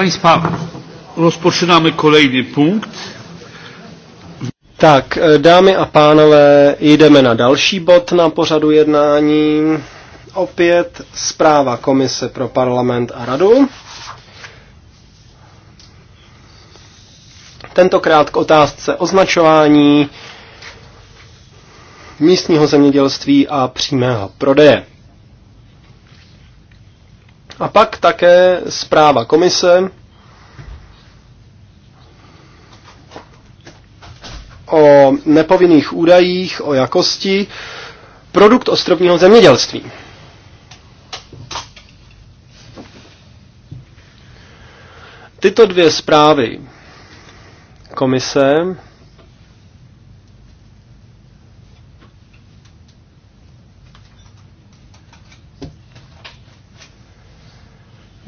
Państwa, rozpoczynamy kolejny punkt. Tak, e, dámy a pánové, jdeme na další bod na pořadu jednání. Opět zpráva Komise pro parlament a radu. Tentokrát k otázce označování místního zemědělství a přímého prodeje. A pak také zpráva komise o nepovinných údajích o jakosti produkt ostrovního zemědělství. Tyto dvě zprávy komise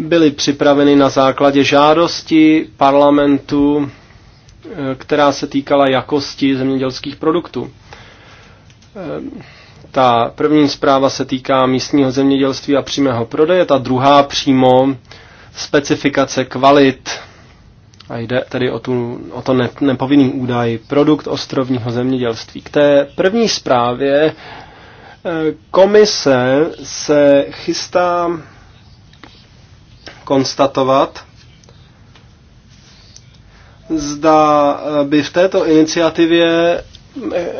byly připraveny na základě žádosti parlamentu, e, která se týkala jakosti zemědělských produktů. E, ta první zpráva se týká místního zemědělství a přímého prodeje, ta druhá přímo specifikace kvalit a jde tedy o, tu, o to nepovinný údaj produkt ostrovního zemědělství. K té první zprávě e, komise se chystá konstatovat, zda by v této iniciativě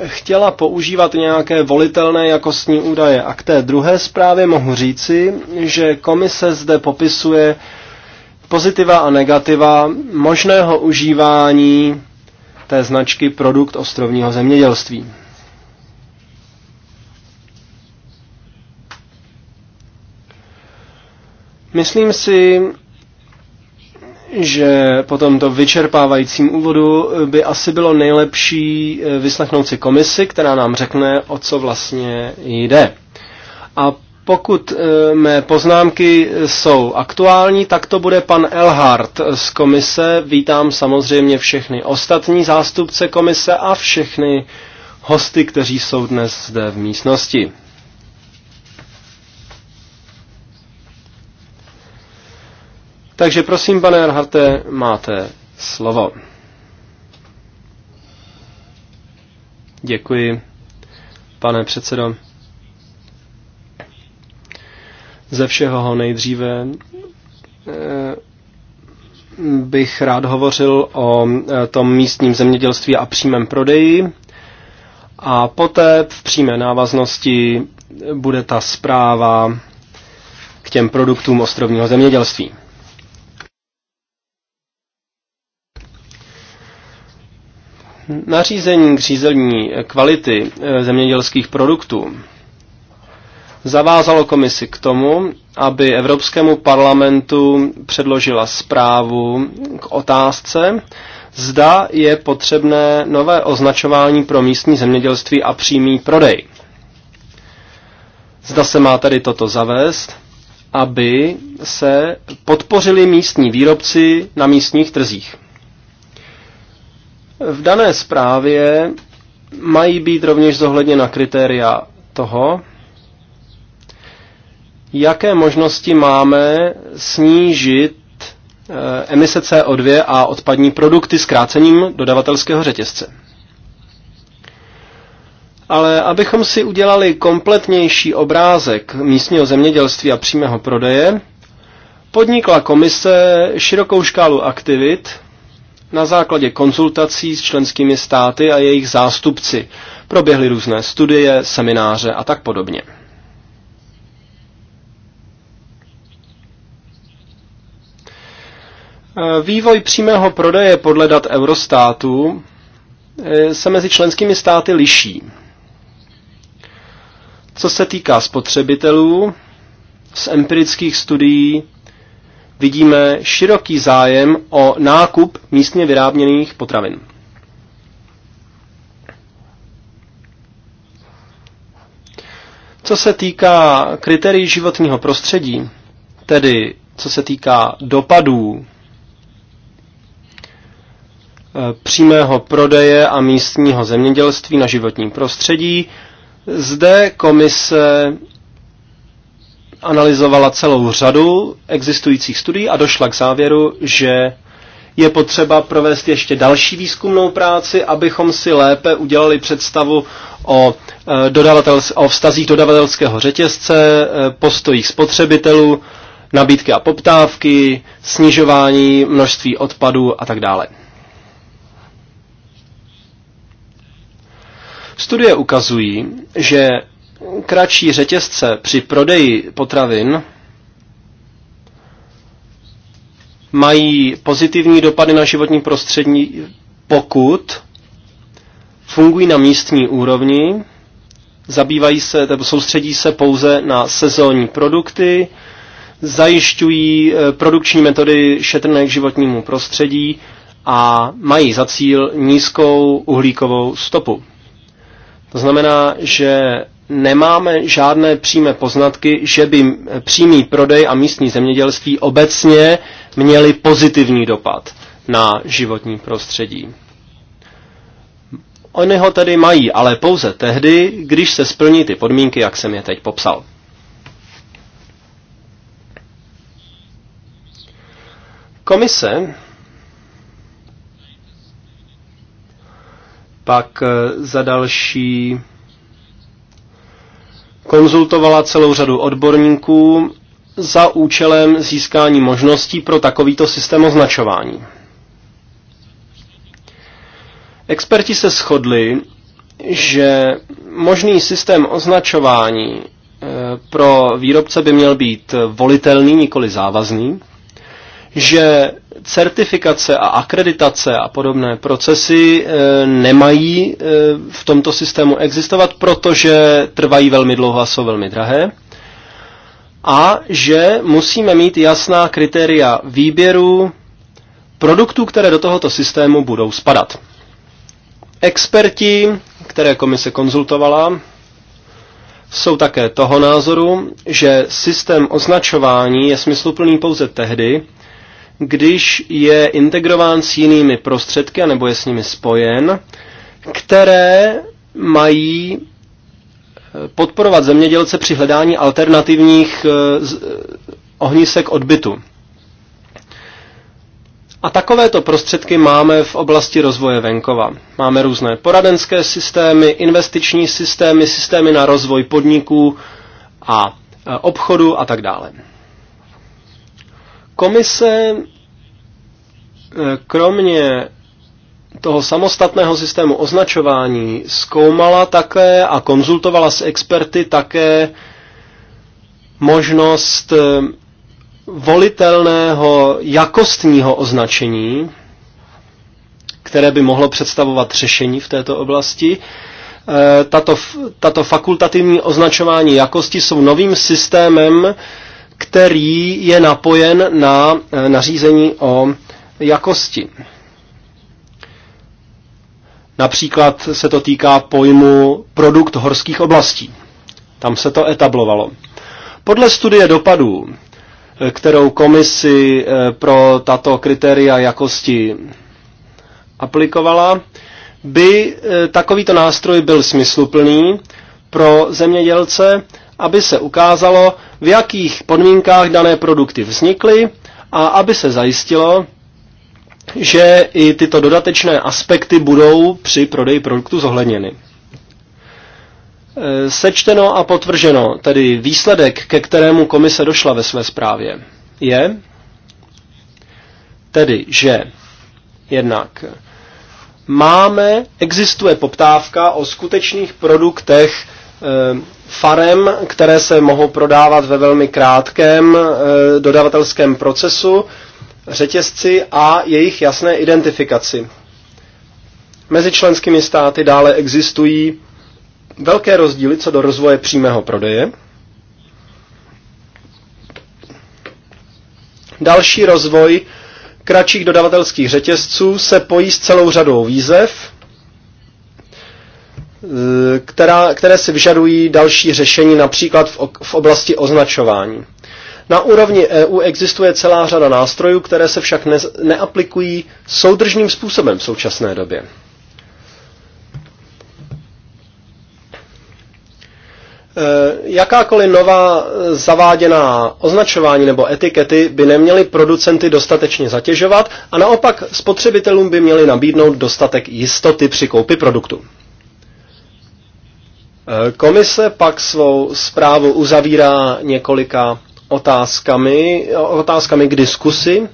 chtěla používat nějaké volitelné jakostní údaje. A k té druhé zprávě mohu říci, že komise zde popisuje pozitiva a negativa možného užívání té značky produkt ostrovního zemědělství. Myslím si, že po tomto vyčerpávajícím úvodu by asi bylo nejlepší eh, vyslechnout si komisi, která nám řekne, o co vlastně jde. A pokud eh, mé poznámky jsou aktuální, tak to bude pan Elhart z komise. Vítám samozřejmě všechny ostatní zástupce komise a všechny hosty, kteří jsou dnes zde v místnosti. Takže prosím, pane Erharte, máte slovo. Děkuji, pane předsedo. Ze všeho ho nejdříve eh, bych rád hovořil o eh, tom místním zemědělství a přímém prodeji. A poté v přímé návaznosti bude ta zpráva k těm produktům ostrovního zemědělství. Nařízení k řízení kvality eh, zemědělských produktů zavázalo komisi k tomu, aby Evropskému parlamentu předložila zprávu k otázce, zda je potřebné nové označování pro místní zemědělství a přímý prodej. Zda se má tady toto zavést, aby se podpořili místní výrobci na místních trzích. V dané zprávě mají být rovněž zohledněna kritéria toho, jaké možnosti máme snížit eh, emise CO2 a odpadní produkty zkrácením dodavatelského řetězce. Ale abychom si udělali kompletnější obrázek místního zemědělství a přímého prodeje, podnikla komise širokou škálu aktivit, na základě konzultací s členskými státy a jejich zástupci. Proběhly různé studie, semináře a tak podobně. E, vývoj přímého prodeje podle dat Eurostátu e, se mezi členskými státy liší. Co se týká spotřebitelů, z empirických studií vidíme široký zájem o nákup místně vyráběných potravin. Co se týká kritérií životního prostředí, tedy co se týká dopadů eh, přímého prodeje a místního zemědělství na životní prostředí, zde komise analyzovala celou řadu existujících studií a došla k závěru, že je potřeba provést ještě další výzkumnou práci, abychom si lépe udělali představu o, e, dodavatel, o vztazích dodavatelského řetězce, e, postojích spotřebitelů, nabídky a poptávky, snižování množství odpadů a tak dále. Studie ukazují, že kratší řetězce při prodeji potravin mají pozitivní dopady na životní prostředí, pokud fungují na místní úrovni, zabývají se, nebo soustředí se pouze na sezónní produkty, zajišťují eh, produkční metody šetrné k životnímu prostředí a mají za cíl nízkou uhlíkovou stopu. To znamená, že nemáme žádné přímé poznatky, že by přímý prodej a místní zemědělství obecně měly pozitivní dopad na životní prostředí. Oni ho tedy mají, ale pouze tehdy, když se splní ty podmínky, jak jsem je teď popsal. Komise pak eh, za další konzultovala celou řadu odborníků za účelem získání možností pro takovýto systém označování. Experti se shodli, že možný systém označování eh, pro výrobce by měl být volitelný, nikoli závazný, že certifikace a akreditace a podobné procesy e, nemají e, v tomto systému existovat, protože trvají velmi dlouho a jsou velmi drahé. A že musíme mít jasná kritéria výběru produktů, které do tohoto systému budou spadat. Experti, které komise konzultovala, jsou také toho názoru, že systém označování je smysluplný pouze tehdy, když je integrován s jinými prostředky, nebo je s nimi spojen, které mají eh, podporovat zemědělce při hledání alternativních eh, eh, ohnisek odbytu. A takovéto prostředky máme v oblasti rozvoje venkova. Máme různé poradenské systémy, investiční systémy, systémy na rozvoj podniků a obchodu a tak dále. Komise E, kromě toho samostatného systému označování zkoumala také a konzultovala s experty také možnost e, volitelného jakostního označení, které by mohlo představovat řešení v této oblasti. E, tato, tato fakultativní označování jakosti jsou novým systémem, který je napojen na nařízení o jakosti. Například se to týká pojmu produkt horských oblastí. Tam se to etablovalo. Podle studie dopadů, kterou komisi eh, pro tato kritéria jakosti aplikovala, by eh, takovýto nástroj byl smysluplný pro zemědělce, aby se ukázalo, v jakých podmínkách dané produkty vznikly a aby se zajistilo, že i tyto dodatečné aspekty budou při prodeji produktu zohledněny. E, sečteno a potvrženo, tedy výsledek, ke kterému komise došla ve své zprávě, je tedy, že jednak máme, existuje poptávka o skutečných produktech e, farem, které se mohou prodávat ve velmi krátkém e, dodavatelském procesu, řetězci a jejich jasné identifikaci. Mezi členskými státy dále existují velké rozdíly co do rozvoje přímého prodeje. Další rozvoj kratších dodavatelských řetězců se pojí s celou řadou výzev, e, která, které si vyžadují další řešení, například v, v oblasti označování. Na úrovni EU existuje celá řada nástrojů, které se však ne- neaplikují soudržným způsobem v současné době. E, jakákoliv nová e, zaváděná označování nebo etikety by neměly producenty dostatečně zatěžovat a naopak spotřebitelům by měly nabídnout dostatek jistoty při koupi produktu. E, komise pak svou zprávu uzavírá několika otázkami, otázkami k diskusi,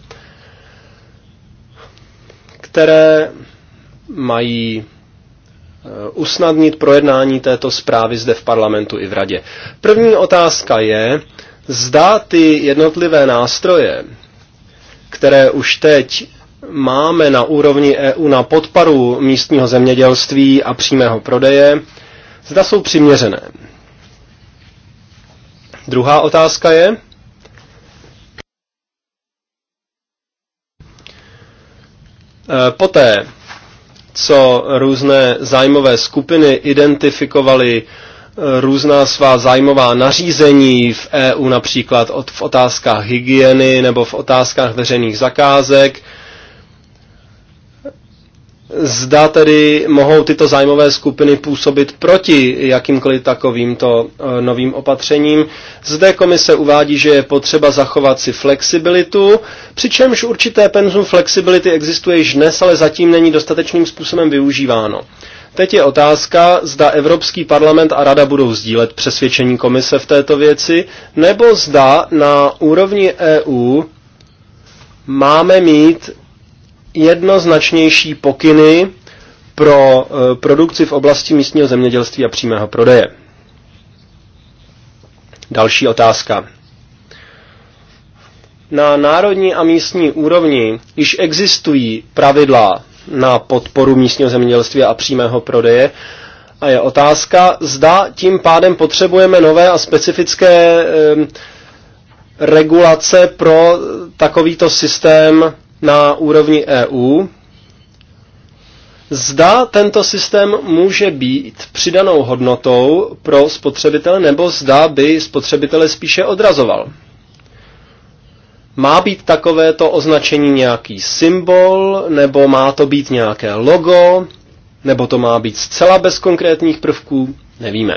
které mají eh, usnadnit projednání této zprávy zde v parlamentu i v radě. První otázka je, zda ty jednotlivé nástroje, které už teď máme na úrovni EU na podporu místního zemědělství a přímého prodeje, zda jsou přiměřené. Druhá otázka je, Eh, poté, co různé zájmové skupiny identifikovaly eh, různá svá zájmová nařízení v EU, například v otázkách hygieny nebo v otázkách veřejných zakázek, zda tedy mohou tyto zájmové skupiny působit proti jakýmkoliv takovýmto eh, novým opatřením. Zde komise uvádí, že je potřeba zachovat si flexibilitu, přičemž určité penzum flexibility existuje již dnes, ale zatím není dostatečným způsobem využíváno. Teď je otázka, zda Evropský parlament a Rada budou sdílet přesvědčení komise v této věci, nebo zda na úrovni EU máme mít jednoznačnější pokyny pro eh, produkci v oblasti místního zemědělství a přímého prodeje. Další otázka. Na národní a místní úrovni již existují pravidla na podporu místního zemědělství a přímého prodeje a je otázka, zda tím pádem potřebujeme nové a specifické eh, regulace pro takovýto systém na úrovni EU, zda tento systém může být přidanou hodnotou pro spotřebitele, nebo zda by spotřebitele spíše odrazoval. Má být takovéto označení nějaký symbol, nebo má to být nějaké logo, nebo to má být zcela bez konkrétních prvků, nevíme.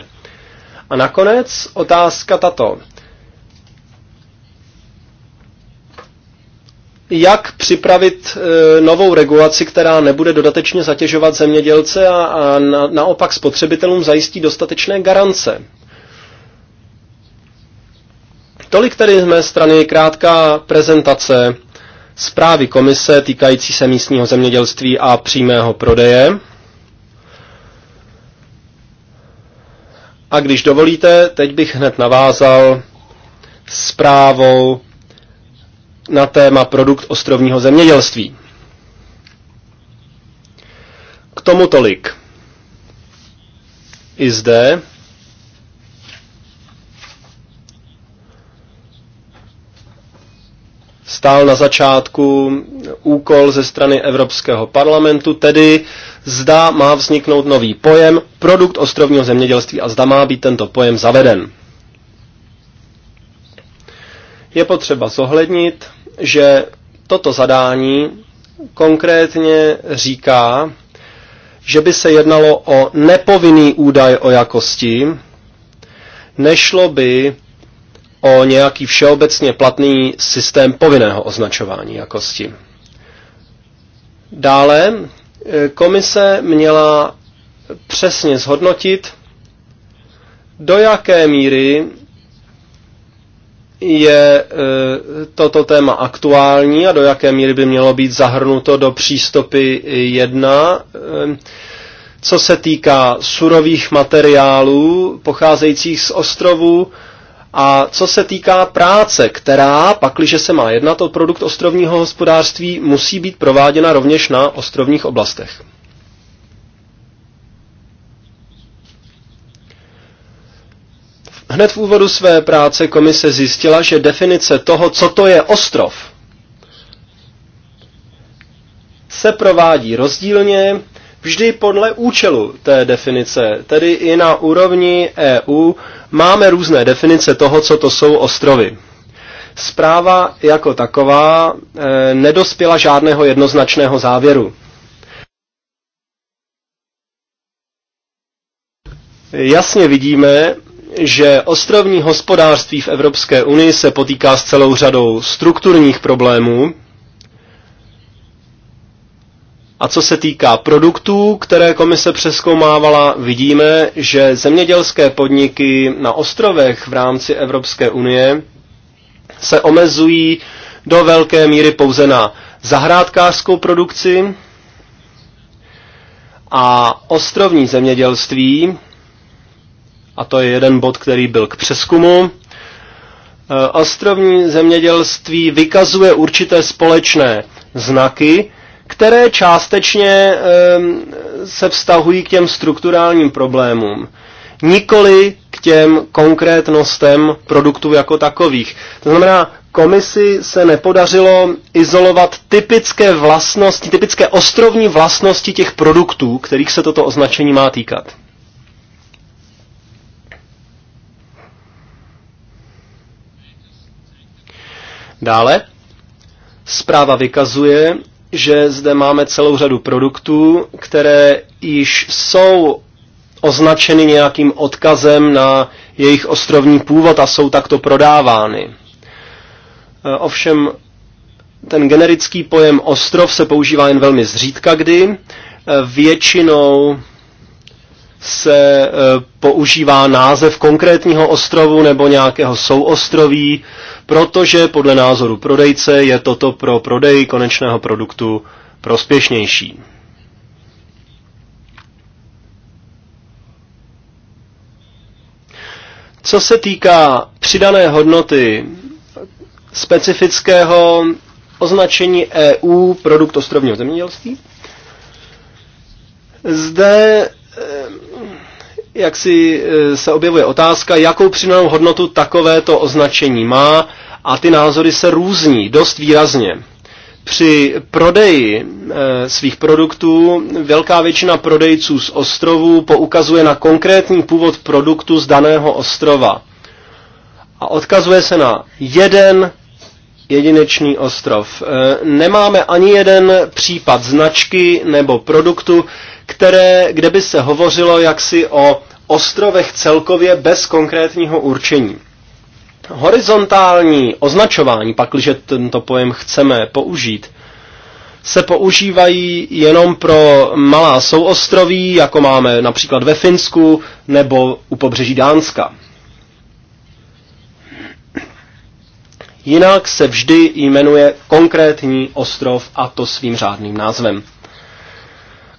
A nakonec otázka tato. jak připravit e, novou regulaci, která nebude dodatečně zatěžovat zemědělce a, a na, naopak spotřebitelům zajistí dostatečné garance. Tolik tedy z mé strany krátká prezentace zprávy komise týkající se místního zemědělství a přímého prodeje. A když dovolíte, teď bych hned navázal zprávou na téma produkt ostrovního zemědělství. K tomu tolik. I zde stál na začátku úkol ze strany Evropského parlamentu, tedy zda má vzniknout nový pojem produkt ostrovního zemědělství a zda má být tento pojem zaveden je potřeba zohlednit, že toto zadání konkrétně říká, že by se jednalo o nepovinný údaj o jakosti, nešlo by o nějaký všeobecně platný systém povinného označování jakosti. Dále e, komise měla přesně zhodnotit, do jaké míry je e, toto téma aktuální a do jaké míry by mělo být zahrnuto do přístupy 1. E, co se týká surových materiálů pocházejících z ostrovů a co se týká práce, která, pakliže se má jednat o produkt ostrovního hospodářství, musí být prováděna rovněž na ostrovních oblastech. Hned v úvodu své práce komise zjistila, že definice toho, co to je ostrov, se provádí rozdílně vždy podle účelu té definice, tedy i na úrovni EU máme různé definice toho, co to jsou ostrovy. Zpráva jako taková e, nedospěla žádného jednoznačného závěru. Jasně vidíme, že ostrovní hospodářství v Evropské unii se potýká s celou řadou strukturních problémů. A co se týká produktů, které komise přeskoumávala, vidíme, že zemědělské podniky na ostrovech v rámci Evropské unie se omezují do velké míry pouze na zahrádkářskou produkci a ostrovní zemědělství a to je jeden bod, který byl k přeskumu. E, ostrovní zemědělství vykazuje určité společné znaky, které částečně se vztahují k těm strukturálním problémům, nikoli k těm konkrétnostem produktů jako takových. To znamená, komisi se nepodařilo izolovat typické vlastnosti, typické ostrovní vlastnosti těch produktů, kterých se toto označení má týkat. Dále, zpráva vykazuje, že zde máme celou řadu produktů, které již jsou označeny nějakým odkazem na jejich ostrovní původ a jsou takto prodávány. E, ovšem ten generický pojem ostrov se používá jen velmi zřídka kdy. E, většinou se e, používá název konkrétního ostrovu nebo nějakého souostroví, protože podle názoru prodejce je toto pro prodej konečného produktu prospěšnější. Co se týká přidané hodnoty specifického označení EU produkt ostrovního zemědělství, zde jak si e, se objevuje otázka, jakou přidanou hodnotu takovéto označení má a ty názory se různí dost výrazně. Při prodeji e, svých produktů velká většina prodejců z ostrovů poukazuje na konkrétní původ produktu z daného ostrova a odkazuje se na jeden jedinečný ostrov. E, nemáme ani jeden případ značky nebo produktu, které, kde by se hovořilo jaksi o ostrovech celkově bez konkrétního určení. Horizontální označování, pakliže tento pojem chceme použít, se používají jenom pro malá souostroví, jako máme například ve Finsku nebo u pobřeží Dánska. Jinak se vždy jmenuje konkrétní ostrov a to svým řádným názvem.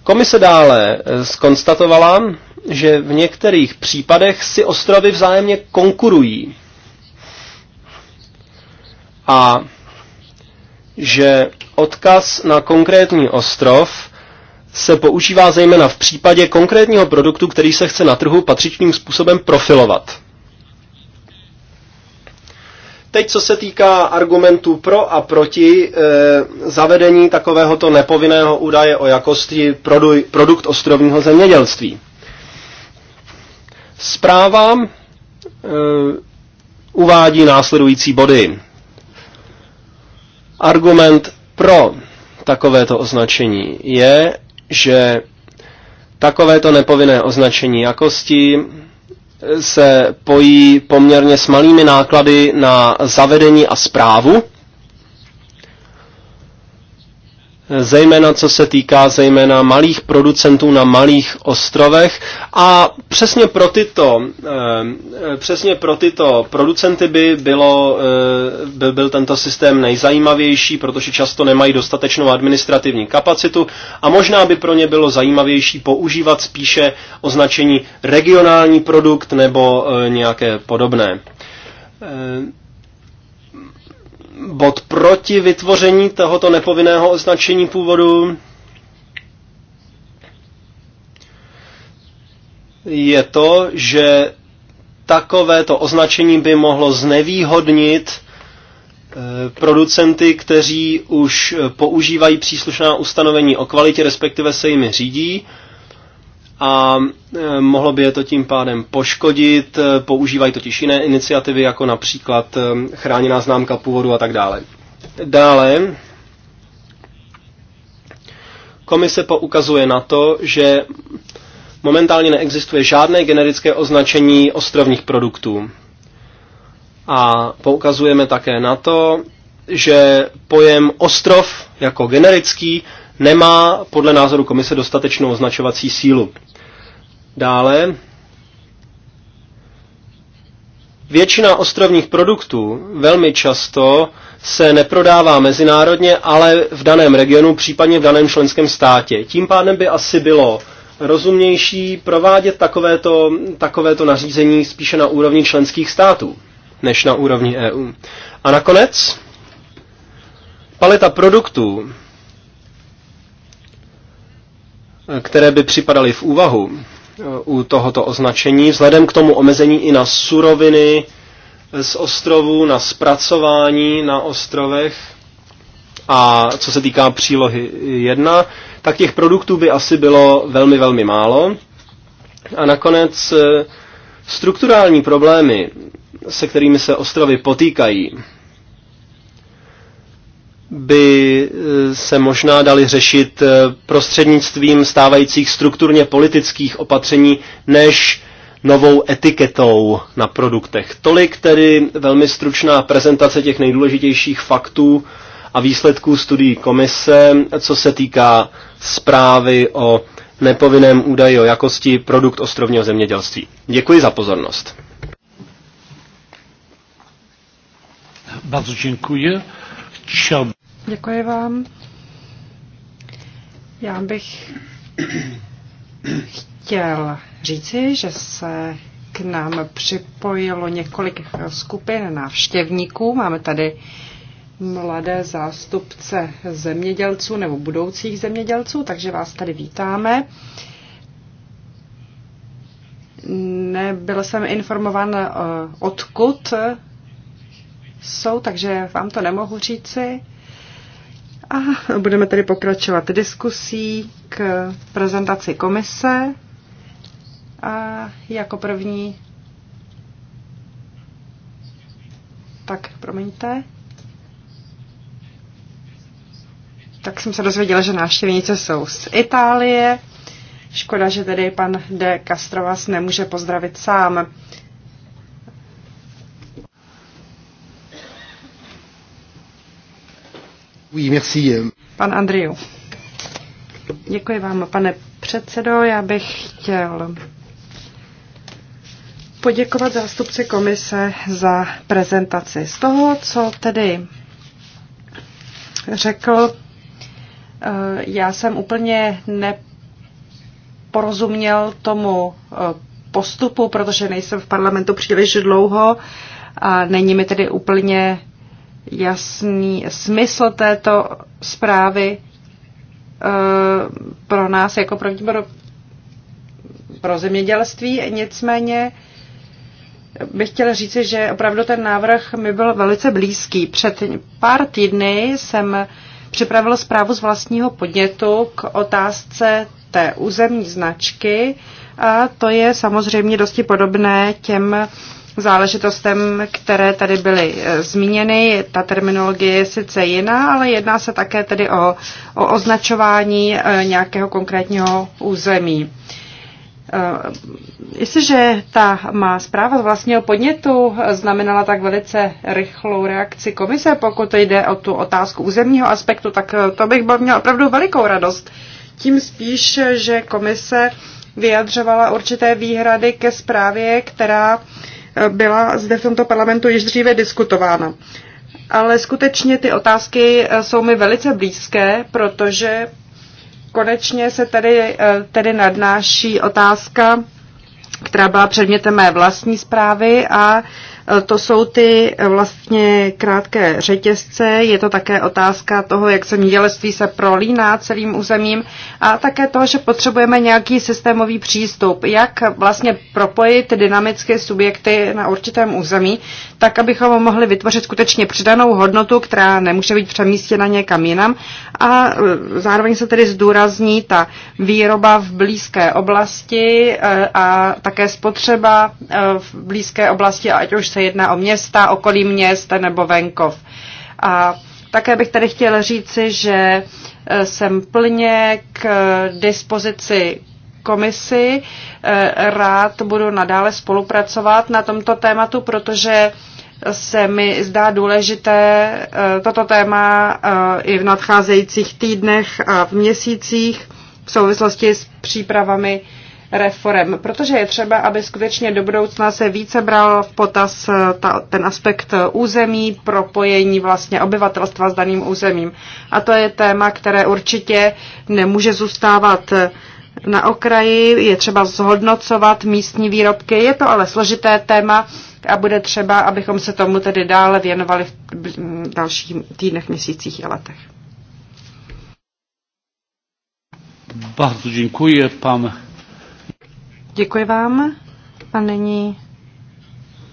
Komise dále skonstatovala, eh, že v některých případech si ostrovy vzájemně konkurují a že odkaz na konkrétní ostrov se používá zejména v případě konkrétního produktu, který se chce na trhu patřičným způsobem profilovat. Teď, co se týká argumentů pro a proti e, zavedení takovéhoto nepovinného údaje o jakosti produj, produkt ostrovního zemědělství. Zpráva e, uvádí následující body. Argument pro takovéto označení je, že takovéto nepovinné označení jakosti se pojí poměrně s malými náklady na zavedení a zprávu zejména co se týká zejména malých producentů na malých ostrovech a přesně pro tyto, eh, přesně pro tyto producenty by, bylo, eh, by byl tento systém nejzajímavější, protože často nemají dostatečnou administrativní kapacitu a možná by pro ně bylo zajímavější používat spíše označení regionální produkt nebo eh, nějaké podobné bod proti vytvoření tohoto nepovinného označení původu. Je to, že takovéto označení by mohlo znevýhodnit eh, producenty, kteří už eh, používají příslušná ustanovení o kvalitě, respektive se jimi řídí, a e, mohlo by je to tím pádem poškodit. E, používají totiž jiné iniciativy, jako například e, chráněná známka původu a tak dále. Dále komise poukazuje na to, že momentálně neexistuje žádné generické označení ostrovních produktů. A poukazujeme také na to, že pojem ostrov jako generický nemá podle názoru komise dostatečnou označovací sílu. Dále, většina ostrovních produktů velmi často se neprodává mezinárodně, ale v daném regionu, případně v daném členském státě. Tím pádem by asi bylo rozumnější provádět takovéto, takovéto nařízení spíše na úrovni členských států než na úrovni EU. A nakonec, paleta produktů, které by připadaly v úvahu e, u tohoto označení, vzhledem k tomu omezení i na suroviny z ostrovů, na zpracování na ostrovech a co se týká přílohy 1, tak těch produktů by asi bylo velmi, velmi málo. A nakonec e, strukturální problémy, se kterými se ostrovy potýkají, by eh, se možná dali řešit eh, prostřednictvím stávajících strukturně politických opatření než novou etiketou na produktech. Tolik tedy velmi stručná prezentace těch nejdůležitějších faktů a výsledků studií komise, co se týká zprávy o nepovinném údaji o jakosti produkt ostrovního zemědělství. Děkuji za pozornost. Bardzo dziękuję. Chciałbym Děkuji vám. Já bych chtěl říci, že se k nám připojilo několik skupin návštěvníků. Máme tady mladé zástupce zemědělců nebo budoucích zemědělců, takže vás tady vítáme. Nebyl jsem informován eh, odkud jsou, takže vám to nemohu říci. A budeme tedy pokračovat diskusí k prezentaci komise. A jako první. Tak, promiňte. Tak jsem se dozvěděla, že návštěvníci jsou z Itálie. Škoda, že tedy pan de Castro vás nemůže pozdravit sám. Oui, merci. Pan Andriu. Děkuji vám, pane předsedo. Já bych chtěl poděkovat zástupci komise za prezentaci. Z toho, co tedy řekl, eh, já jsem úplně neporozuměl tomu eh, postupu, protože nejsem v parlamentu příliš dlouho a není mi tedy úplně jasný smysl této zprávy eh, pro nás jako pro výbor pro zemědělství. Nicméně bych chtěla říci, že opravdu ten návrh mi byl velice blízký. Před pár týdny jsem připravila zprávu z vlastního podnětu k otázce té územní značky a to je samozřejmě dosti podobné těm záležitostem, které tady byly eh, zmíněny. Ta terminologie je sice jiná, ale jedná se také tedy o, o označování eh, nějakého konkrétního území. Eh, jestliže ta má zpráva z vlastního podnětu znamenala tak velice rychlou reakci komise, pokud jde o tu otázku územního aspektu, tak to bych byl měl opravdu velikou radost. Tím spíš, že komise vyjadřovala určité výhrady ke zprávě, která uh, byla zde v tomto parlamentu již dříve diskutována. Ale skutečně ty otázky eh, jsou mi velice blízké, protože konečně se tady, eh, tady nadnáší otázka, která byla předmětem mé vlastní zprávy a Eh, to jsou ty eh, vlastně krátké řetězce, je to také otázka toho, jak zemědělství se prolíná celým územím a také to, že potřebujeme nějaký systémový přístup, jak vlastně propojit dynamické subjekty na určitém území, tak abychom mohli vytvořit skutečně přidanou hodnotu, která nemůže být přemístěna někam jinam a eh, zároveň se tedy zdůrazní ta výroba v blízké oblasti a také spotřeba v blízké oblasti, ať už se jedná o města, okolí měst nebo venkov. A také bych tady chtěla říci, že e, jsem plně k dispozici komisi. E, rád budu nadále spolupracovat na tomto tématu, protože se mi zdá důležité e, toto téma i v nadcházejících týdnech a v měsících v souvislosti s přípravami reform, protože je třeba, aby skutečně do budoucna se více bral v potaz eh, ta, ten aspekt eh, území, propojení vlastně obyvatelstva s daným územím. A to je téma, které určitě nemůže zůstávat eh, na okraji, je třeba zhodnocovat místní výrobky, je to ale složité téma a bude třeba, abychom se tomu tedy dále věnovali v dalších týdnech, měsících a letech. Bardzo dziękuję. Pan Děkuji vám. A nyní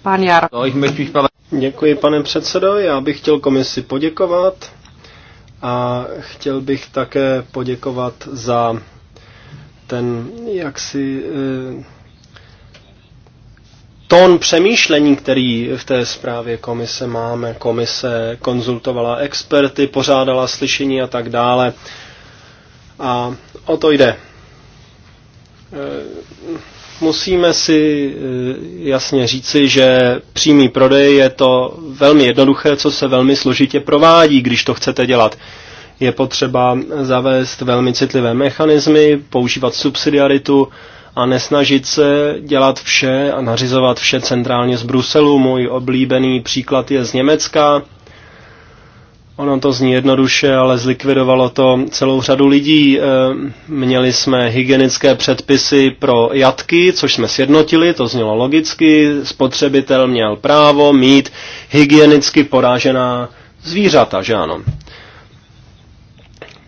pan Jar. No, Děkuji, pane předsedo. Já bych chtěl komisi poděkovat a chtěl bych také poděkovat za ten jaksi eh, tón přemýšlení, který v té zprávě komise máme. Komise konzultovala experty, pořádala slyšení a tak dále. A o to jde. Eh, musíme si eh, jasně říci, že přímý prodej je to velmi jednoduché, co se velmi složitě provádí, když to chcete dělat. Je potřeba zavést velmi citlivé mechanismy, používat subsidiaritu a nesnažit se dělat vše a nařizovat vše centrálně z Bruselu. Můj oblíbený příklad je z Německa, Ono to zní jednoduše, ale zlikvidovalo to celou řadu lidí. Eh, měli jsme hygienické předpisy pro jatky, což jsme sjednotili, to znělo logicky. Spotřebitel měl právo mít hygienicky porážená zvířata, že ano.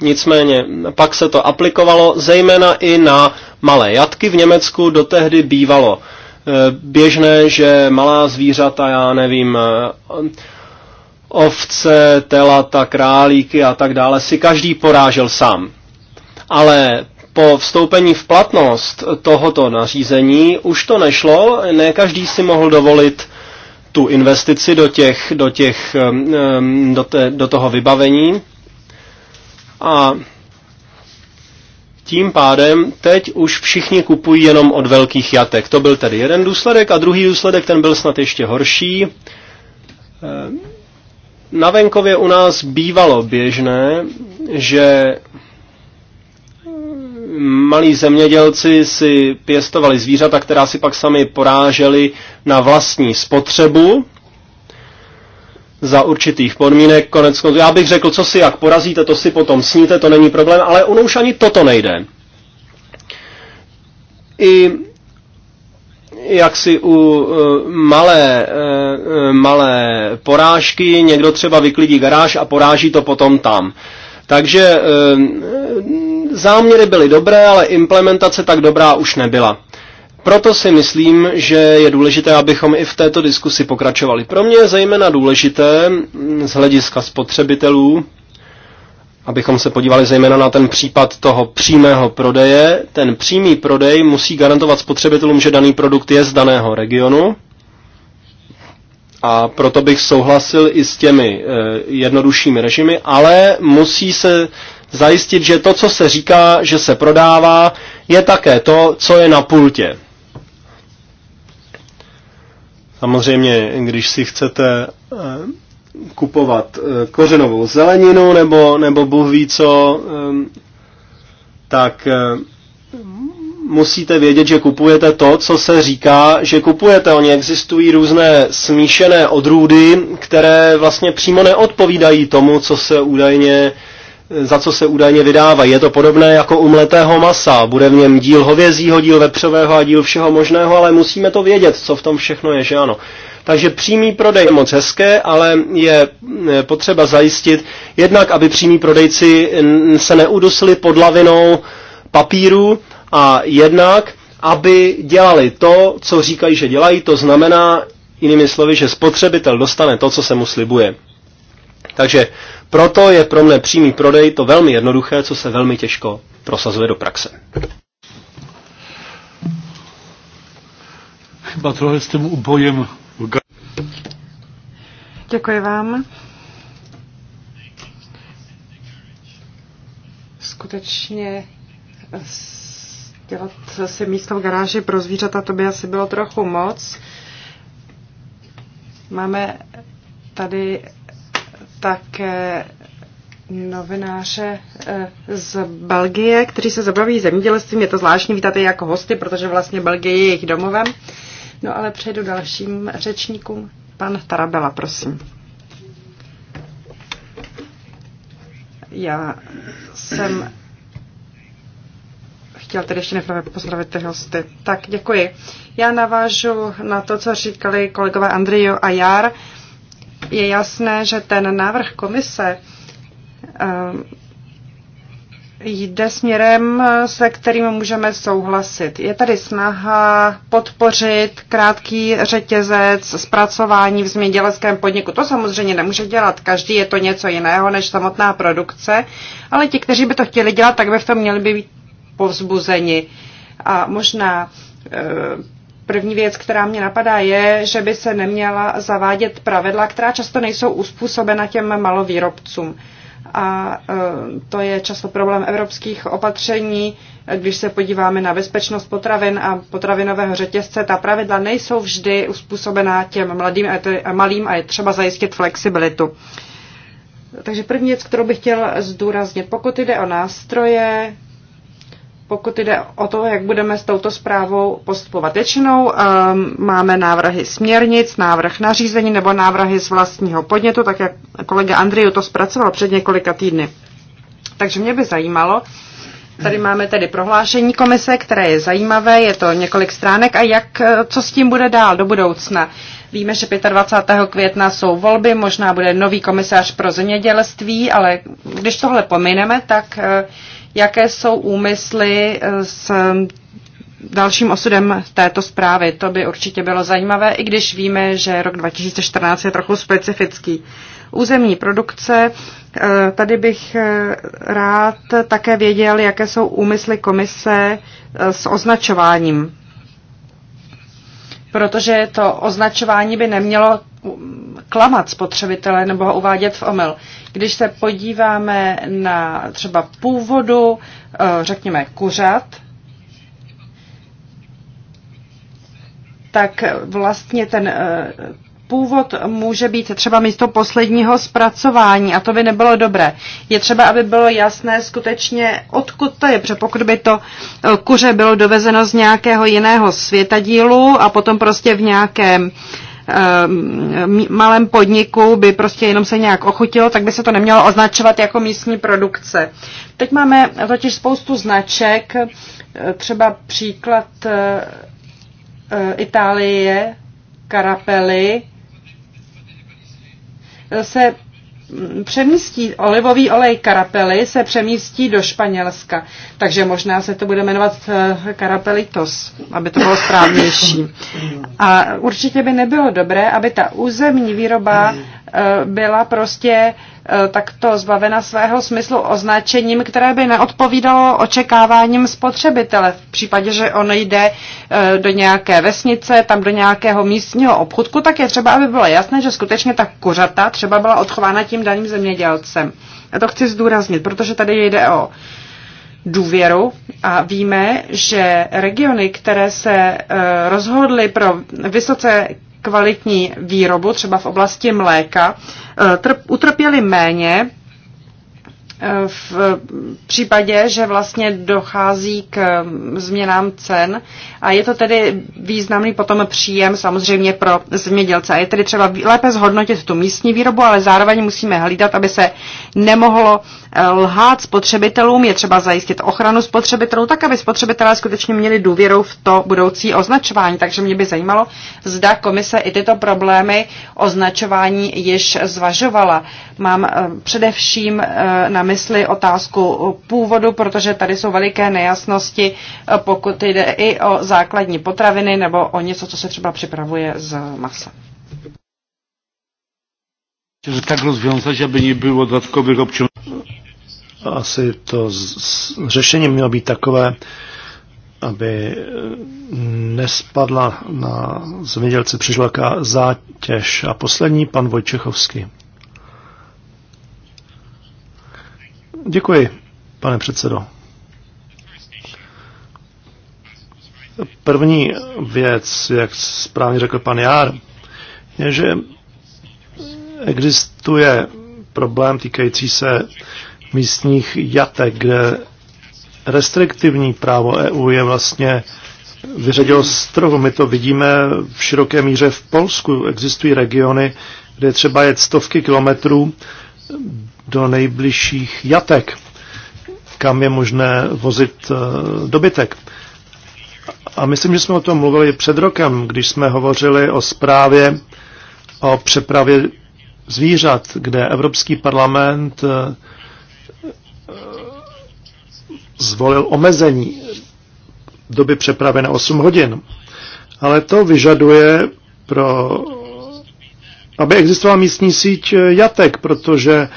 Nicméně pak se to aplikovalo zejména i na malé jatky. V Německu do tehdy bývalo eh, běžné, že malá zvířata, já nevím, eh, ovce, telata, králíky a tak dále si každý porážel sám. Ale po vstoupení v platnost tohoto nařízení už to nešlo, ne každý si mohl dovolit tu investici do, těch, do, těch, do, te, do toho vybavení. A tím pádem teď už všichni kupují jenom od velkých jatek. To byl tedy jeden důsledek a druhý důsledek, ten byl snad ještě horší na venkově u nás bývalo běžné, že malí zemědělci si pěstovali zvířata, která si pak sami poráželi na vlastní spotřebu za určitých podmínek. Konec já bych řekl, co si jak porazíte, to si potom sníte, to není problém, ale ono už ani toto nejde. I jak si u e, malé, e, e, malé porážky někdo třeba vyklidí garáž a poráží to potom tam. Takže záměry byly dobré, ale implementace tak dobrá už nebyla. Proto si myslím, že je důležité, abychom i v této diskusi pokračovali. Pro mě je zejména důležité z hlediska spotřebitelů, abychom se podívali zejména na ten případ toho přímého prodeje. Ten přímý prodej musí garantovat spotřebitelům, že daný produkt je z daného regionu. A proto bych souhlasil i s těmi e, jednoduššími režimy, ale musí se zajistit, že to, co se říká, že se prodává, je také to, co je na pultě. Samozřejmě, když si chcete eh, kupovat eh, kořenovou zeleninu nebo, nebo Bůh ví co, ehm, tak eh, musíte vědět, že kupujete to, co se říká, že kupujete. Oni existují různé smíšené odrůdy, které vlastně přímo neodpovídají tomu, co se údajně eh, za co se údajně vydávají. Je to podobné jako u mletého masa. Bude v něm díl hovězího, díl vepřového a díl všeho možného, ale musíme to vědět, co v tom všechno je, že ano. Takže přímý prodej je moc hezké, ale je e, potřeba zajistit jednak, aby přímí prodejci se neudusili pod lavinou papíru a jednak, aby dělali to, co říkají, že dělají, to znamená, jinými slovy, že spotřebitel dostane to, co se mu slibuje. Takže proto je pro mne přímý prodej to velmi jednoduché, co se velmi těžko prosazuje do praxe. Chyba trochę z tym ubojem Děkuji vám. Skutečně eh, dělat si místo v garáži pro zvířata, to by asi bylo trochu moc. Máme tady také novináře eh, z Belgie, kteří se zabaví zemědělstvím. Je to zvláštní, vítáte je jako hosty, protože vlastně Belgie je jejich domovem. No ale přejdu dalším řečníkům. Pan Tarabela, prosím. Já jsem chtěl tedy ještě nejprve pozdravit ty hosty. Tak děkuji. Já navážu na to, co říkali kolegové Andriju a Jar. Je jasné, že ten návrh komise jde směrem, se kterým můžeme souhlasit. Je tady snaha podpořit krátký řetězec zpracování v zemědělském podniku. To samozřejmě nemůže dělat každý, je to něco jiného než samotná produkce, ale ti, kteří by to chtěli dělat, tak by v tom měli by být povzbuzeni. A možná eh, První věc, která mě napadá, je, že by se neměla zavádět pravidla, která často nejsou uspůsobena těm malovýrobcům a e, to je často problém evropských opatření. Když se podíváme na bezpečnost potravin a potravinového řetězce, ta pravidla nejsou vždy uspůsobená těm mladým a malým a je třeba zajistit flexibilitu. Takže první věc, kterou bych chtěl zdůraznit, pokud jde o nástroje, pokud jde o to, jak budeme s touto zprávou postupovat. Většinou um, máme návrhy směrnic, návrh nařízení nebo návrhy z vlastního podnětu, tak jak kolega Andriu to zpracoval před několika týdny. Takže mě by zajímalo, tady máme tedy prohlášení komise, které je zajímavé, je to několik stránek a jak, eh, co s tím bude dál do budoucna. Víme, že 25. května jsou volby, možná bude nový komisař pro zemědělství, ale když tohle pomineme, tak uh, jaké jsou úmysly eh, s dalším osudem této zprávy. To by určitě bylo zajímavé, i když víme, že rok 2014 je trochu specifický. Územní produkce, eh, tady bych eh, rád také věděl, jaké jsou úmysly komise s označováním. Protože to označování by nemělo klamat spotřebitele nebo ho uvádět v omyl. Když se podíváme na třeba původu, eh, řekněme, kuřat, tak vlastně ten eh, původ může být třeba místo posledního zpracování a to by nebylo dobré. Je třeba, aby bylo jasné skutečně, odkud to je, protože pokud by to eh, kuře bylo dovezeno z nějakého jiného světadílu a potom prostě v nějakém uh, Ehm, malém podniku by prostě jenom se nějak ochutilo, tak by se to nemělo označovat jako místní produkce. Teď máme totiž spoustu značek, e, třeba příklad e, e, Itálie, karapely, se přemístí, olivový olej karapely se přemístí do Španělska. Takže možná se to bude jmenovat eh, karapelitos, aby to bylo správnější. A určitě by nebylo dobré, aby ta územní výroba eh, byla prostě Eh, takto zbavena svého smyslu označením, které by neodpovídalo očekáváním spotřebitele. V případě, že on jde eh, do nějaké vesnice, tam do nějakého místního obchudku, tak je třeba, aby bylo jasné, že skutečně ta kuřata třeba byla odchována tím daným zemědělcem. Já to chci zdůraznit, protože tady jde o důvěru a víme, že regiony, které se eh, rozhodly pro vysoce kvalitní výrobu, třeba v oblasti mléka, eh, utrpěli méně v případě, že vlastně dochází k změnám cen a je to tedy významný potom příjem samozřejmě pro zemědělce. A je tedy třeba lépe zhodnotit tu místní výrobu, ale zároveň musíme hlídat, aby se nemohlo eh, lhát spotřebitelům, je třeba zajistit ochranu spotřebitelů, tak aby spotřebitelé skutečně měli důvěru v to budoucí označování. Takže mě by zajímalo, zda komise i tyto problémy označování již zvažovala. Mám eh, především eh, na mysli otázku původu, protože tady jsou veliké nejasnosti, eh, pokud jde i o základní potraviny nebo o něco, co se třeba připravuje z masa. Že tak rozwiązać, aby nebylo dodatkových občanů. Asi to řešení mělo být takové, aby eh, nespadla na zemědělce příliš zátěž. A poslední, pan Vojčechovský. Děkuji, pane předsedo. První věc, jak správně řekl pan Jár, je, že existuje problém týkající se místních jatek, kde restriktivní právo EU je vlastně vyřadilo z trhu. My to vidíme v široké míře v Polsku. Existují regiony, kde je třeba jet stovky kilometrů do nejbližších jatek, kam je možné vozit eh, dobytek. A myslím, že jsme o tom mluvili před rokem, když jsme hovořili o zprávě o přepravě zvířat, kde Evropský parlament eh, eh, zvolil omezení doby přepravy na 8 hodin. Ale to vyžaduje pro aby existovala místní síť jatek, protože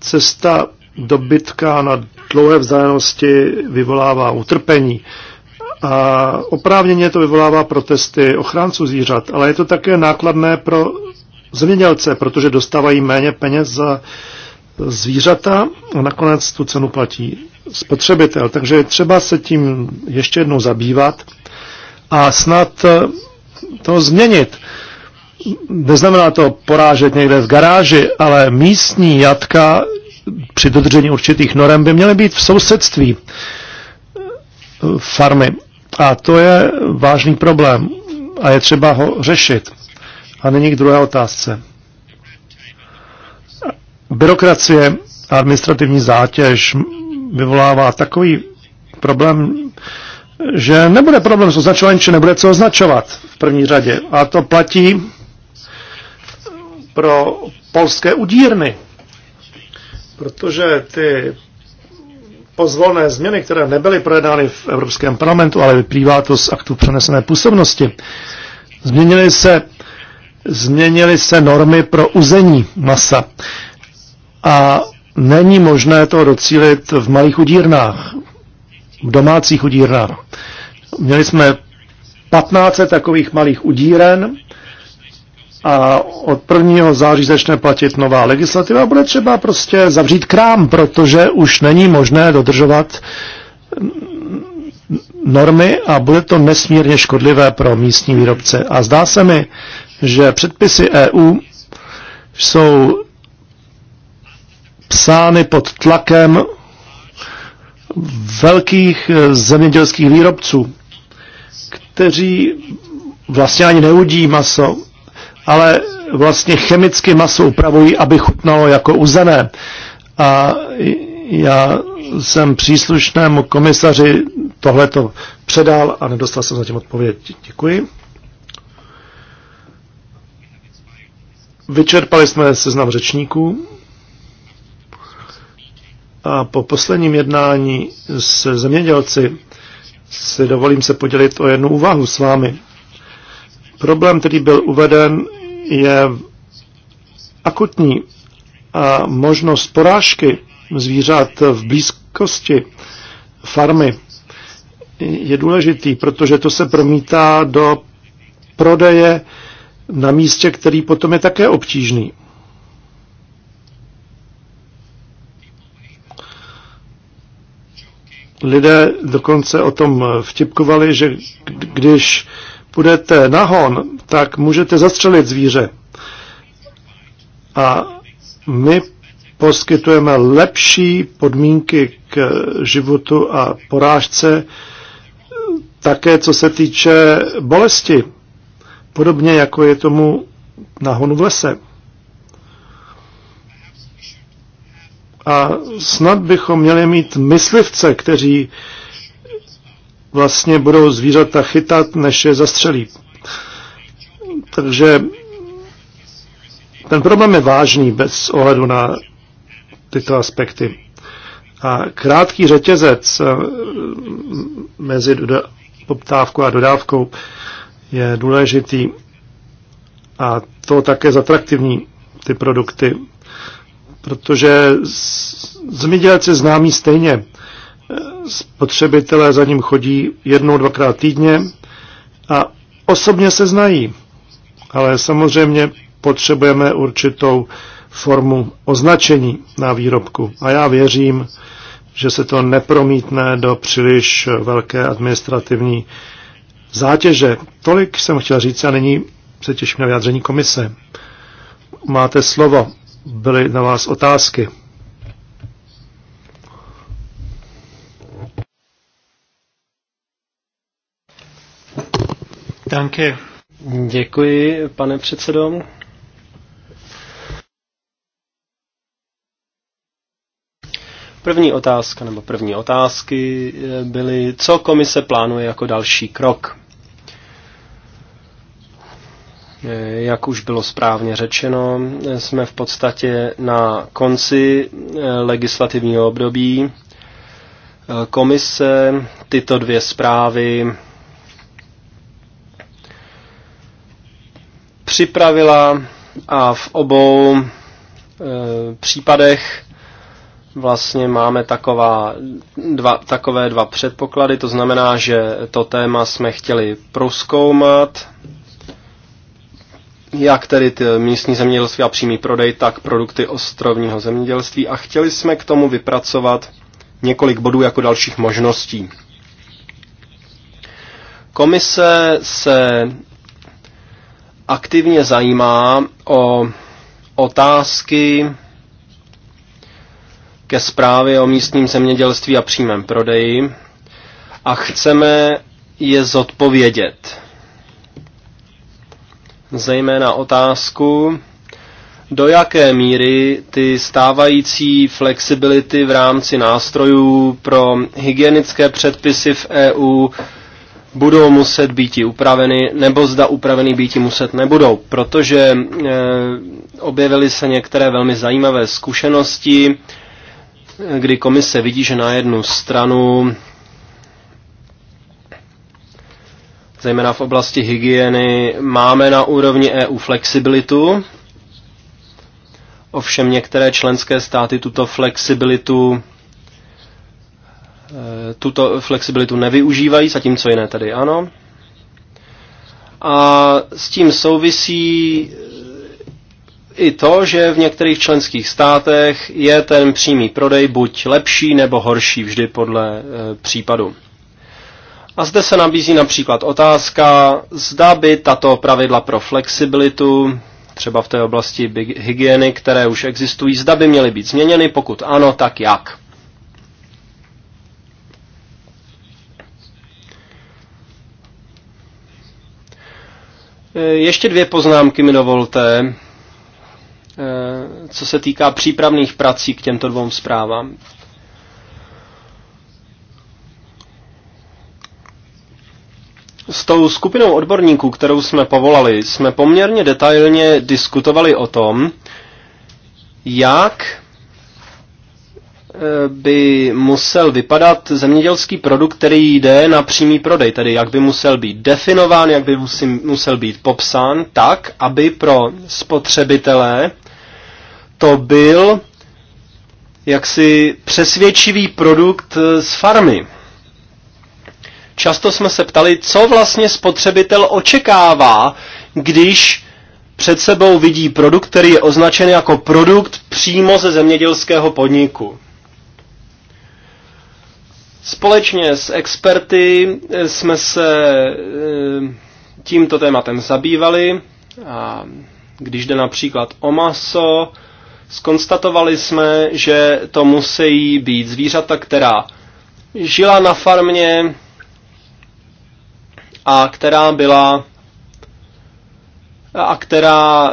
cesta dobytka na dlouhé vzdálenosti vyvolává utrpení. A oprávněně to vyvolává protesty ochránců zvířat, ale je to také nákladné pro zemědělce, protože dostávají méně peněz za zvířata a nakonec tu cenu platí spotřebitel. Takže je třeba se tím ještě jednou zabývat a snad to změnit neznamená to porážet někde v garáži, ale místní jatka při dodržení určitých norem by měly být v sousedství eh, farmy. A to je vážný problém a je třeba ho řešit. A není k druhé otázce. Byrokracie a administrativní zátěž vyvolává takový problém, že nebude problém s označováním, či nebude co označovat v první řadě. A to platí pro polské udírny. Protože ty pozvolné změny, které nebyly projednány v Evropském parlamentu, ale vyplývá to z aktu přenesené působnosti, změnily se, změnily se normy pro uzení masa. A není možné to docílit v malých udírnách, v domácích udírnách. Měli jsme 15 takových malých udíren a od 1. září začne platit nová legislativa, bude třeba prostě zavřít krám, protože už není možné dodržovat normy a bude to nesmírně škodlivé pro místní výrobce. A zdá se mi, že předpisy EU jsou psány pod tlakem velkých eh, zemědělských výrobců, kteří vlastně ani neudí maso ale vlastně chemicky maso upravují, aby chutnalo jako uzené. A já jsem příslušnému komisaři tohleto předal a nedostal jsem zatím odpověď. Děkuji. Vyčerpali jsme seznam řečníků a po posledním jednání s zemědělci si dovolím se podělit o jednu úvahu s vámi. Problém, který byl uveden, je akutní a možnost porážky zvířat v blízkosti farmy je důležitý, protože to se promítá do prodeje na místě, který potom je také obtížný. Lidé dokonce o tom vtipkovali, že když půjdete nahon, tak můžete zastřelit zvíře. A my poskytujeme lepší podmínky k životu a porážce, také co se týče bolesti, podobně jako je tomu nahonu v lese. A snad bychom měli mít myslivce, kteří vlastně budou zvířata chytat, než je zastřelí. Takže ten problém je vážný bez ohledu na tyto aspekty. A krátký řetězec eh, mezi poptávkou a dodávkou je důležitý a to také zatraktivní ty produkty, protože zemědělci známí stejně spotřebitelé za ním chodí jednou, dvakrát týdně a osobně se znají. Ale samozřejmě potřebujeme určitou formu označení na výrobku. A já věřím, že se to nepromítne do příliš velké administrativní zátěže. Tolik jsem chtěl říct a nyní se těším na vyjádření komise. Máte slovo. Byly na vás otázky. Danke. Děkuji, pane předsedo. První otázka nebo první otázky eh, byly, co komise plánuje jako další krok. Eh, jak už bylo správně řečeno, jsme v podstatě na konci eh, legislativního období. Komise tyto dvě zprávy připravila a v obou e, případech vlastně máme taková dva, takové dva předpoklady. To znamená, že to téma jsme chtěli proskoumat, jak tedy ty místní zemědělství a přímý prodej, tak produkty ostrovního zemědělství a chtěli jsme k tomu vypracovat několik bodů jako dalších možností. Komise se aktivně zajímá o otázky ke zprávě o místním zemědělství a přímém prodeji a chceme je zodpovědět. Zejména otázku, do jaké míry ty stávající flexibility v rámci nástrojů pro hygienické předpisy v EU budou muset být i upraveny, nebo zda upraveny být i muset nebudou, protože e, objevily se některé velmi zajímavé zkušenosti, eh, kdy komise vidí, že na jednu stranu zejména v oblasti hygieny, máme na úrovni EU flexibilitu. Ovšem některé členské státy tuto flexibilitu Eh, tuto flexibilitu nevyužívají, zatímco jiné tady ano. A s tím souvisí eh, i to, že v některých členských státech je ten přímý prodej buď lepší nebo horší vždy podle eh, případu. A zde se nabízí například otázka, zda by tato pravidla pro flexibilitu, třeba v té oblasti hygieny, které už existují, zda by měly být změněny, pokud ano, tak jak. Eh, ještě dvě poznámky mi dovolte, eh, co se týká přípravných prací k těmto dvou zprávám. S tou skupinou odborníků, kterou jsme povolali, jsme poměrně detailně diskutovali o tom, jak by musel vypadat zemědělský produkt, který jde na přímý prodej, tedy jak by musel být definován, jak by musel být popsán, tak, aby pro spotřebitele to byl jaksi přesvědčivý produkt z farmy. Často jsme se ptali, co vlastně spotřebitel očekává, když před sebou vidí produkt, který je označen jako produkt přímo ze zemědělského podniku. Společně s experty eh, jsme se eh, tímto tématem zabývali a když jde například o maso, skonstatovali jsme, že to musí být zvířata, která žila na farmě a která byla a která e,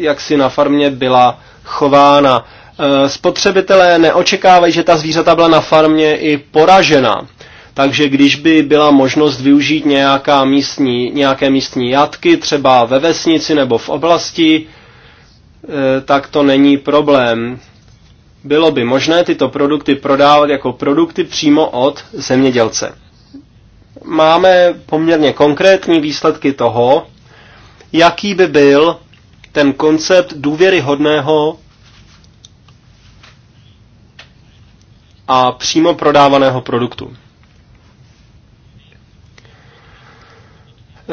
jaksi na farmě byla chována. Eh, spotřebitelé neočekávají, že ta zvířata byla na farmě i poražena. Takže když by byla možnost využít nějaká místní, nějaké místní jatky, třeba ve vesnici nebo v oblasti, eh, tak to není problém. Bylo by možné tyto produkty prodávat jako produkty přímo od zemědělce. Máme poměrně konkrétní výsledky toho, jaký by byl ten koncept důvěryhodného a přímo prodávaného produktu.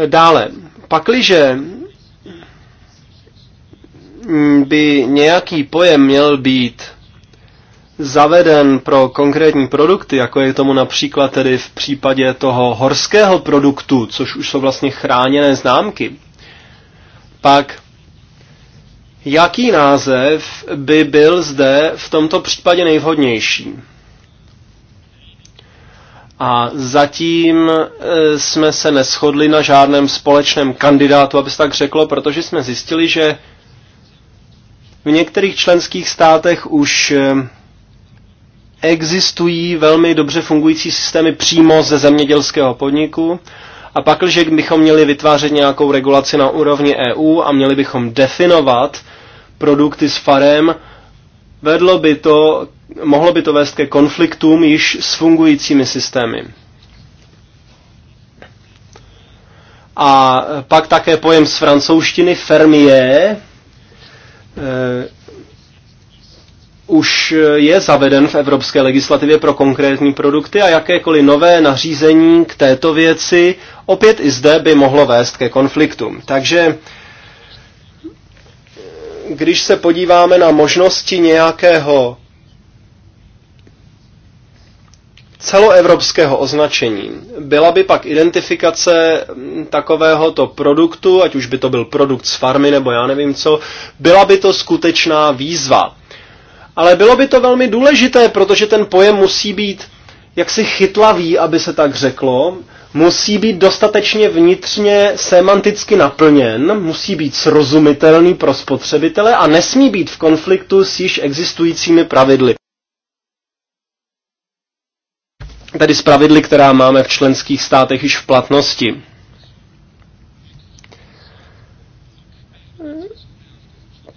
Dále, pakliže by nějaký pojem měl být zaveden pro konkrétní produkty, jako je tomu například tedy v případě toho horského produktu, což už jsou vlastně chráněné známky, pak jaký název by byl zde v tomto případě nejvhodnější? A zatím e, jsme se neschodli na žádném společném kandidátu, aby se tak řeklo, protože jsme zjistili, že v některých členských státech už e, existují velmi dobře fungující systémy přímo ze zemědělského podniku. A pak, že bychom měli vytvářet nějakou regulaci na úrovni EU a měli bychom definovat produkty s farem, vedlo by to mohlo by to vést ke konfliktům již s fungujícími systémy. A pak také pojem z francouzštiny fermier, eh, už je zaveden v evropské legislativě pro konkrétní produkty a jakékoliv nové nařízení k této věci opět i zde by mohlo vést ke konfliktům. Takže eh, když se podíváme na možnosti nějakého celoevropského označení. Byla by pak identifikace mm, takovéhoto produktu, ať už by to byl produkt z farmy nebo já nevím co, byla by to skutečná výzva. Ale bylo by to velmi důležité, protože ten pojem musí být jaksi chytlavý, aby se tak řeklo, musí být dostatečně vnitřně semanticky naplněn, musí být srozumitelný pro spotřebitele a nesmí být v konfliktu s již existujícími pravidly. tedy z pravidly, která máme v členských státech již v platnosti.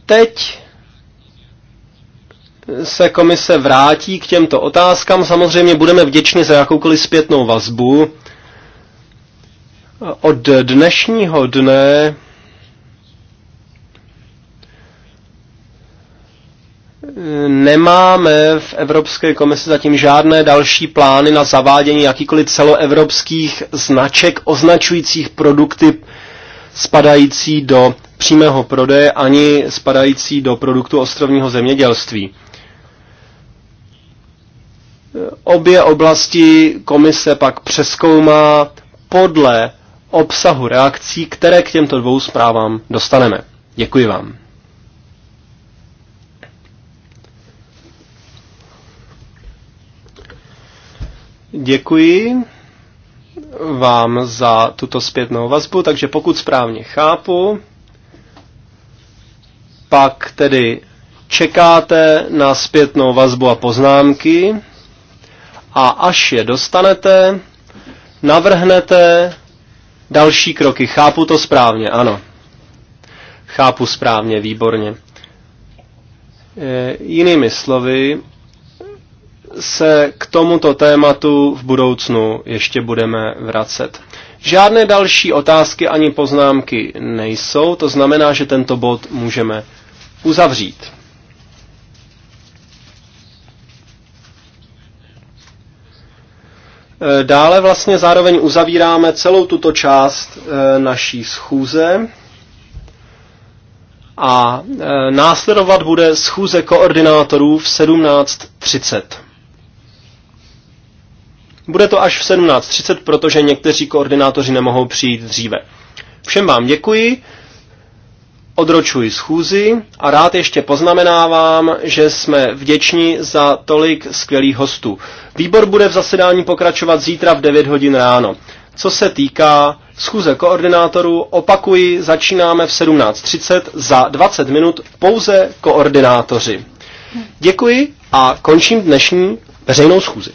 Teď se komise vrátí k těmto otázkám. Samozřejmě budeme vděční za jakoukoliv zpětnou vazbu. Od dnešního dne nemáme v Evropské komisi zatím žádné další plány na zavádění jakýkoliv celoevropských značek označujících produkty spadající do přímého prodeje ani spadající do produktu ostrovního zemědělství. Obě oblasti komise pak přeskoumá podle obsahu reakcí, které k těmto dvou zprávám dostaneme. Děkuji vám. Děkuji vám za tuto zpětnou vazbu, takže pokud správně chápu, pak tedy čekáte na zpětnou vazbu a poznámky a až je dostanete, navrhnete další kroky. Chápu to správně, ano. Chápu správně, výborně. E, jinými slovy, se k tomuto tématu v budoucnu ještě budeme vracet. Žádné další otázky ani poznámky nejsou, to znamená, že tento bod můžeme uzavřít. Eh, dále vlastně zároveň uzavíráme celou tuto část eh, naší schůze a eh, následovat bude schůze koordinátorů v 17.30. Bude to až v 17.30, protože někteří koordinátoři nemohou přijít dříve. Všem vám děkuji, odročuji schůzi a rád ještě poznamenávám, že jsme vděční za tolik skvělých hostů. Výbor bude v zasedání pokračovat zítra v 9 hodin ráno. Co se týká schůze koordinátorů, opakuji, začínáme v 17.30 za 20 minut pouze koordinátoři. Děkuji a končím dnešní veřejnou schůzi.